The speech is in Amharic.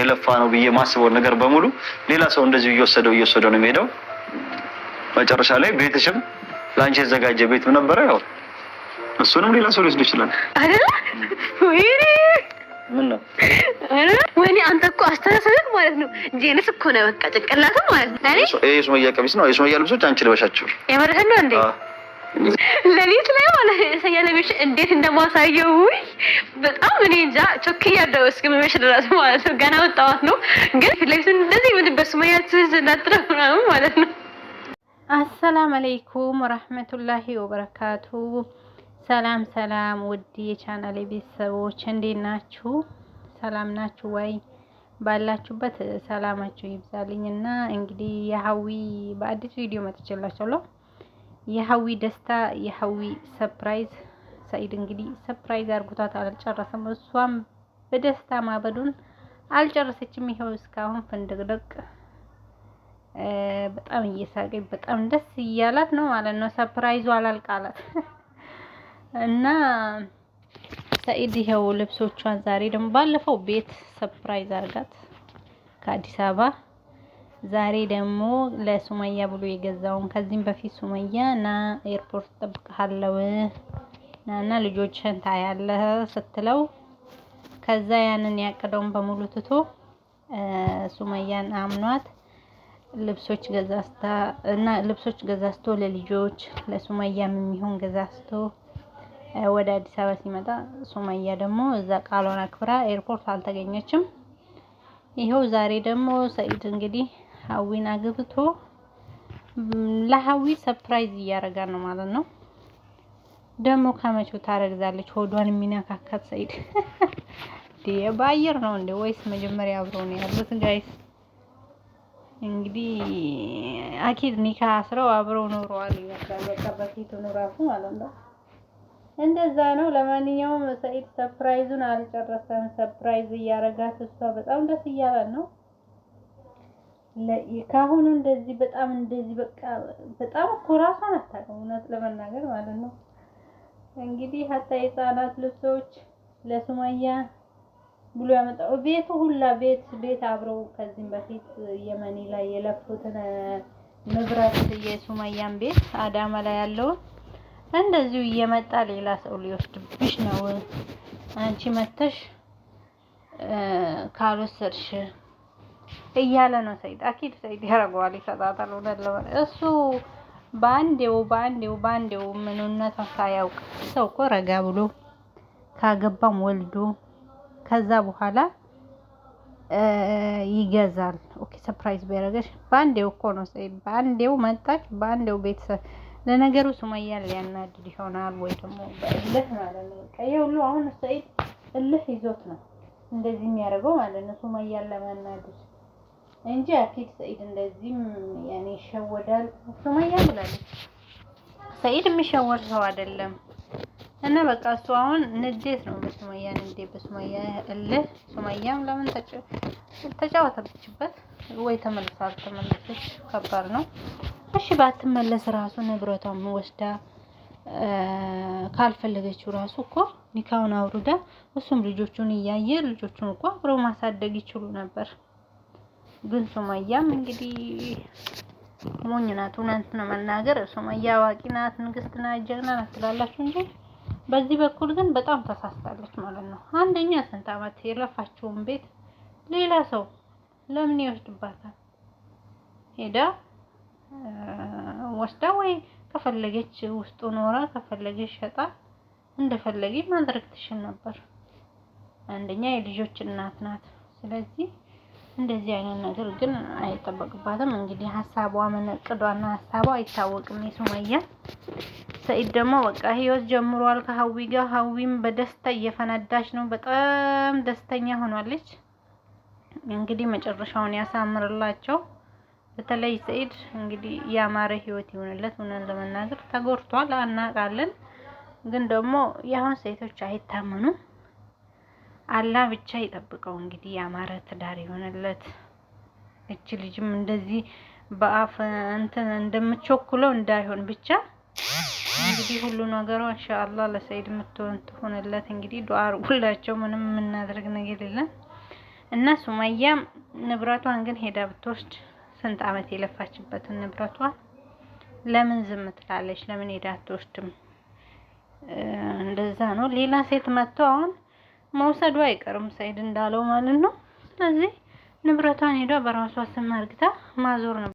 የለፋ ነው ብዬ የማስበው ነገር በሙሉ ሌላ ሰው እንደዚሁ እየወሰደው እየወሰደው ነው የሚሄደው። መጨረሻ ላይ ቤትሽም ለአንቺ የተዘጋጀ ቤት ነበረ፣ ያው እሱንም ሌላ ሰው ሊወስድ ይችላል። ምን ወይኔ፣ አንተ እኮ አስተሳሰብህ ማለት ነው ጄንስ እኮ ነው በቃ ጭንቅላትህ ማለት ነው። የሱመያ ቀሚስ ነው የሱመያ ልብሶች አንቺ ልበሻቸው የመረህ ነው እንዴ? ለሊት ላይ ሆነ ማለት ለቤት እንዴት እንደማሳየው በጣም እኔ እንጃ ቾክ እያለው እስከ መመሽ ድረስ ማለት ነው። ገና ወጣዋት ነው ግን ፊት ለፊት እንደዚህ ምን በስሙያት ዝናጥረው ነው ማለት ነው። አሰላም አለይኩም ወራህመቱላሂ ወበረካቱ። ሰላም ሰላም፣ ውድ የቻናል ቤተሰቦች እንዴት ናችሁ? ሰላም ናችሁ ወይ? ባላችሁበት ሰላማችሁ ይብዛልኝና እንግዲህ የሀዊ በአዲስ ቪዲዮ መጥቼላችኋለሁ። የሀዊ ደስታ የሀዊ ሰፕራይዝ ሰኢድ እንግዲህ ሰፕራይዝ አርጉታት አልጨረሰም። እሷም በደስታ ማበዱን አልጨረሰችም። ይኸው እስካሁን ፍንድቅደቅ በጣም እየሳቀኝ በጣም ደስ እያላት ነው ማለት ነው። ሰፕራይዙ አላልቃላት እና ሰኢድ ይኸው ልብሶቿን ዛሬ ደግሞ ባለፈው ቤት ሰፕራይዝ አርጋት ከአዲስ አበባ ዛሬ ደግሞ ለሱመያ ብሎ የገዛውን ከዚህም በፊት ሱመያ ና ኤርፖርት ጠብቅሃለው ናና ልጆችን ታያለህ ስትለው ከዛ ያንን ያቀደውን በሙሉ ትቶ ሱመያን አምኗት ልብሶች ገዛስታ እና ልብሶች ገዛስቶ ለልጆች ለሱመያም የሚሆን ገዛስቶ ወደ አዲስ አበባ ሲመጣ ሱመያ ደግሞ እዛ ቃሏን አክብራ ኤርፖርት አልተገኘችም። ይኸው ዛሬ ደግሞ ሰኢድ እንግዲህ ሀዊን አግብቶ ለሀዊ ሰርፕራይዝ እያደረጋ ነው ማለት ነው። ደግሞ ከመቼው ታረግዛለች? ሆዷን የሚነካካት ሰይድ በአየር ነው እንዴ ወይስ መጀመሪያ አብረው ነው ያሉት? ጋይስ እንግዲህ አኪድ ኒካ አስረው አብረው ኖረዋል ይመስላል። በቃ በፊቱ ኑራፉ ማለት ነው። እንደዛ ነው። ለማንኛውም ሰኢድ ሰርፕራይዙን አልጨረሰም። ሰርፕራይዝ እያረጋት እሷ በጣም ደስ እያላት ነው። ከአሁኑ እንደዚህ በጣም እንደዚህ በቃ በጣም እኮ ራሷን አታውቅም፣ እውነት ለመናገር ማለት ነው። እንግዲህ ሀታ የህፃናት ልብሶች ለሱማያ ብሎ ያመጣው ቤቱ ሁላ ቤት ቤት አብረው ከዚህም በፊት የመኒ ላይ የለፉትን ንብረት የሱማያን ቤት አዳማ ላይ ያለውን እንደዚሁ እየመጣ ሌላ ሰው ሊወስድብሽ ነው አንቺ መተሽ ካልወሰድሽ እያለ ነው ሰይድ። አኪድ ሰይድ ያደርገዋል፣ ይሰጣታል። እውነት ለሆነ እሱ በአንዴው በአንዴው በአንዴው ምንነቷን ሳያውቅ ሰው እኮ ረጋ ብሎ ካገባም ወልዶ ከዛ በኋላ ይገዛል። ኦኬ ሰርፕራይዝ ቢያደርገሽ በአንዴው እኮ ነው ሰይድ። በአንዴው መጣች፣ በአንዴው ቤተሰብ ለነገሩ ሱመያ ሊያናድድ ይሆናል ወይ ደግሞ በእልህ ማለት ነው። ቀየ ሁሉ አሁን ሰይድ እልህ ይዞት ነው እንደዚህ የሚያደርገው ማለት ነው ሱመያን ለማናደድ እንጂ አኪድ ሰኢድ እንደዚህም ያኔ ይሸወዳል። ሱመያ ብላለች ሰኢድ የሚሸወድ ሰው አይደለም። እና በቃ እሱ አሁን ንዴት ነው በሱመያ ንዴት፣ በሱመያ እልህ። ሱመያም ለምን ተጫወተችበት? ወይ ተመልሳ አልተመለሰች፣ ከባድ ነው። እሺ ባትመለስ ራሱ ንብረቷን ወስዳ ካልፈለገችው ራሱ እኮ ኒካውን አውርዳ እሱም ልጆቹን እያየ ልጆቹን እኮ አብረው ማሳደግ ይችሉ ነበር። ግን ሱመያም እንግዲህ ሞኝ ናት። እውነት ነው መናገር ሱመያ አዋቂ ናት፣ ንግስት ናት፣ ጀግና ናት ትላላችሁ እንጂ በዚህ በኩል ግን በጣም ተሳስታለች ማለት ነው። አንደኛ ስንት ዓመት የለፋችውን ቤት ሌላ ሰው ለምን ይወስድባታል? ሄዳ ወስዳ ወይ ከፈለገች ውስጡ ኖራ ከፈለገች ሸጣ እንደፈለገች ማድረግ ትችል ነበር። አንደኛ የልጆች እናት ናት። ስለዚህ እንደዚህ አይነት ነገር ግን አይጠበቅባትም። እንግዲህ ሀሳቧ ምን እቅዷና ሀሳቧ አይታወቅም። የሱመያ ሰኢድ ደግሞ በቃ ህይወት ጀምሯል ከሀዊ ጋር። ሀዊም በደስታ እየፈነዳች ነው። በጣም ደስተኛ ሆኗለች። እንግዲህ መጨረሻውን ያሳምርላቸው። በተለይ ሰኢድ እንግዲህ ያማረ ህይወት ይሆንለት። እውነት ለመናገር ተጎድቷል፣ አናቃለን። ግን ደግሞ የአሁን ሴቶች አይታመኑም። አላ ብቻ ይጠብቀው። እንግዲህ ያማረ ትዳር የሆነለት እች ልጅም እንደዚህ በአፍ እንትን እንደምትቸኩለው እንዳይሆን ብቻ እንግዲህ ሁሉ ነገሯ ኢንሻአላህ ለሰይድ የምትሆን ትሆንለት። እንግዲህ ዱአ አድርጉላቸው። ምንም የምናደርግ ነገር የለም እና ሱማያም ንብረቷን ግን ሄዳ ብትወስድ ስንት አመት የለፋችበትን ንብረቷን ለምን ዝም ትላለች? ለምን ሄዳ አትወስድም? እንደዛ ነው። ሌላ ሴት መጥቶ አሁን መውሰዱ አይቀርም ሰይድ እንዳለው ማለት ነው። ስለዚህ ንብረቷን ሄዷ በራሷ ስም አርግታ ማዞር ነው።